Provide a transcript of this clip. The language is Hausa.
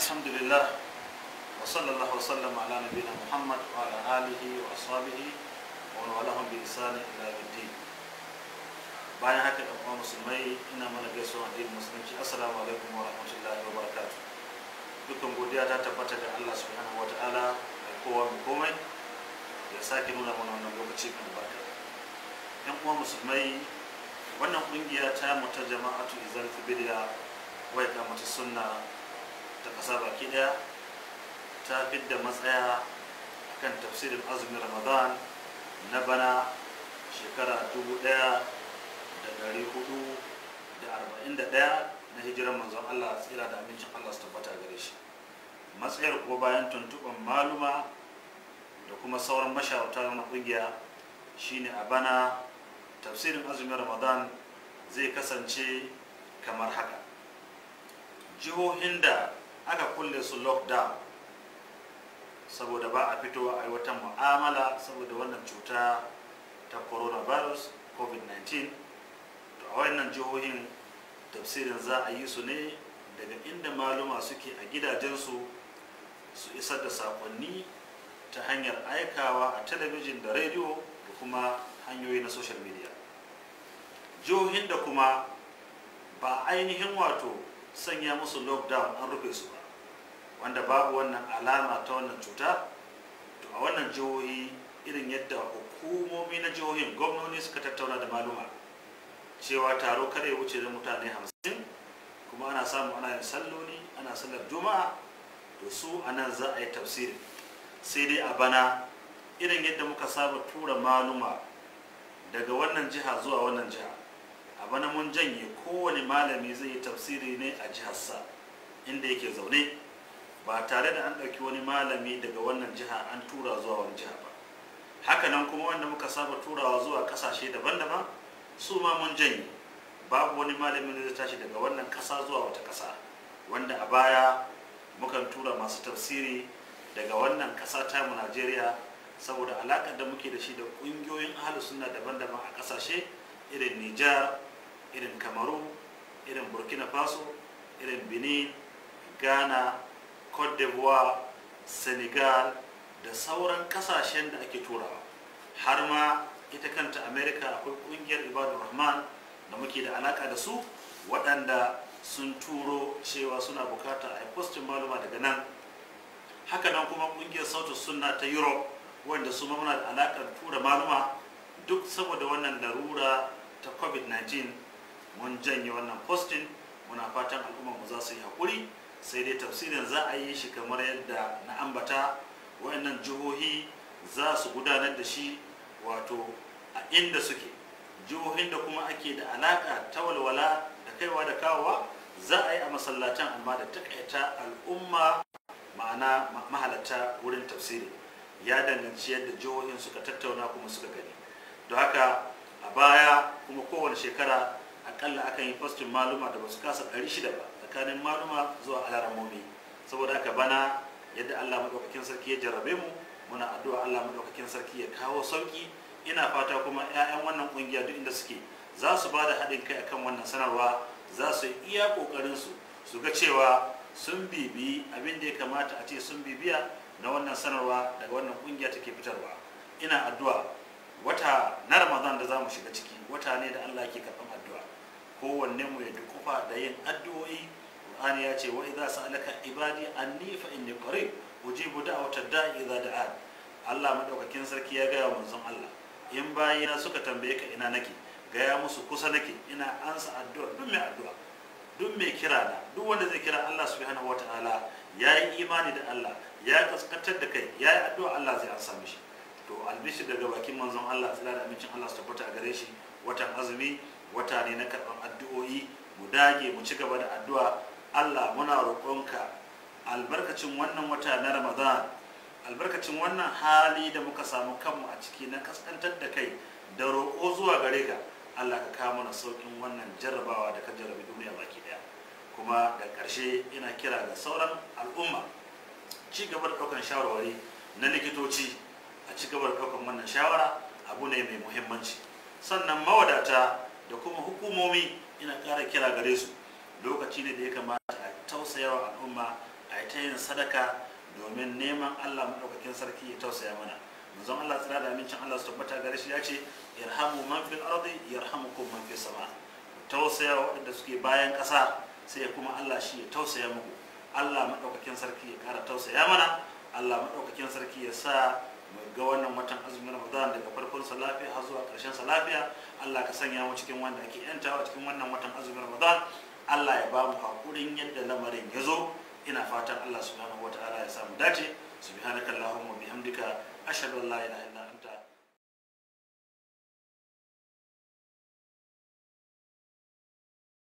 الحمد لله وصلى الله وسلم على نبينا محمد وعلى آله وأصحابه ومن والاهم بإحسان إلى الدين haka ɗan uwa ina mana gaisuwa addinin musulunci assalamu tabbata da kowa mai komai nuna mana wannan musulmai mu ta jama'atu sunna ta kasa baki ɗaya ta fidda matsaya kan tafsirin azumin ramadan na bana shekara 1441 na hijirar manzon allah tsira da amincin allah su tabbata gare shi matsayar ko bayan tuntuɓar maluma da kuma sauran mashawarta na ƙungiya shine a bana tafsirin azumin ramadan zai kasance kamar haka jihohin da aka kulle su lockdown saboda ba a fitowa a yi wata mu'amala saboda wannan cuta ta coronavirus covid-19 to a wannan jihohin tafsirin za a yi su ne daga inda maluma suke a gidajensu su isar da sakonni ta hanyar aikawa a talabijin da rediyo da kuma hanyoyi na social media jihohin da kuma ba ainihin wato sanya musu lockdown an rufe su ba wanda babu wannan alama ta wannan cuta to a wannan jihohi irin yadda hukumomi na jihohin gwamnoni suka tattauna da maluma cewa taro kare wuce da mutane hamsin kuma ana samu ana yin salloli ana sallar juma'a to su anan nan za a yi tafsiri sai dai a bana irin yadda muka saba tura maluma daga wannan jiha zuwa wannan jiha a bana mun janye kowane malami zai yi tafsiri ne a jiharsa inda yake zaune ba tare da an ɗauki wani malami daga wannan jiha an tura zuwa wani jiha ba hakanan kuma wanda muka saba turawa zuwa ƙasashe daban-daban su ma mun janye babu wani malamin da zai tashi daga wannan ƙasa zuwa wata ƙasa wanda a baya mukan tura masu tafsiri daga wannan ƙasa mu najeriya saboda alaƙar da muke da shi da ƙungiyoyin ahalusunna sunna daban-daban a ƙasashe irin nijar irin kamaru irin burkina faso irin benin ghana cote d'ivoire senegal da sauran kasashen da ake turawa har ma ita kanta america akwai kungiyar ibadu rahman da muke da alaka da su waɗanda sun turo cewa suna bukata a postin maluma daga nan haka hakanan kuma kungiyar sautin sunna ta europe wanda su muna da alakar tura maluma duk saboda wannan larura ta covid-19 mun janye wannan postin muna fatan al'umma mu za su yi hakuri sai dai tafsirin za a yi shi kamar yadda na ambata wayannan jihohi za su gudanar da shi wato a inda suke jihohin da kuma ake da alaƙa ta walwala da kaiwa da kawowa za a yi a masallatan amma da takaita al'umma ma'ana mahalarta wurin tafsiri ya danganci yadda jihohin suka tattauna kuma suka gani don haka a baya kuma kowane shekara akalla akan yi fastin maluma da basu kasa shida ba tsakanin maluma zuwa alaramomi saboda haka bana yadda Allah maɗaukakin sarki ya jarabe mu muna addu'a Allah madaukakin sarki ya kawo sauki ina fata kuma 'ya'yan wannan kungiya duk inda suke za su ba da haɗin kai akan wannan sanarwa za su iya ƙoƙarin su su ga cewa sun bibi abin da ya kamata a ce sun bibiya na wannan sanarwa daga wannan kungiya take fitarwa ina addu'a wata na ramadan da za mu shiga ciki wata ne da allah ke karɓar addu'a kowanne mu ya dukufa da yin addu'o'i Qur'ani ya ce wa idza sa'alaka ibadi anni fa inni qarib ujibu da'wata da'i idza da'a Allah madaukakin sarki ya gaya wa manzon Allah in bayina suka tambaye ka ina nake gaya musu kusa nake ina ansa addu'a duk mai addu'a duk mai kira na duk wanda zai kira Allah subhanahu wataala ya yi imani da Allah ya kaskantar da kai ya yi addu'a Allah zai ansa mishi to albishi daga bakin manzon Allah tsira da amincin Allah su tabbata gare shi watan azumi wata ne na karɓar addu'o'i mu dage mu ci gaba da addu'a Allah muna roƙonka albarkacin wannan wata na Ramadan albarkacin wannan hali da muka samu kanmu a ciki na kaskantar da kai da roƙo zuwa gare ka Allah ka kawo mana sauƙin wannan jarrabawa da ka jarrabi duniya baki ɗaya. kuma da ƙarshe ina kira ga sauran al'umma ci gaba da ɗaukan shawarwari na likitoci a ci gaba da ɗaukan wannan shawara abu ne mai muhimmanci sannan mawadata da kuma hukumomi ina ƙara kira gare su lokaci ne da ya kamata a tausayawa al'umma a yi ta yin sadaka domin neman allah maɗaukakin sarki ya tausaya mana manzon allah tsira da amincin allah su tabbata gare shi ya ce yarhamu man fil ardi ko man fil sama tausaya wa waɗanda suke bayan ƙasa sai kuma allah shi ya tausaya muku allah maɗaukakin sarki ya ƙara tausaya mana allah maɗaukakin sarki ya sa mu ga wannan watan sa lafiya har zuwa ƙarshen sa lafiya Allah ka sanya mu cikin wanda ake yanta a cikin wannan watan azumin Ramadan Allah ya ba mu hakurin yadda lamarin ya zo ina fatan Allah subhanahu wataala ya samu dace subhanakallahumma bihamdika ashhadu an la ilaha illa anta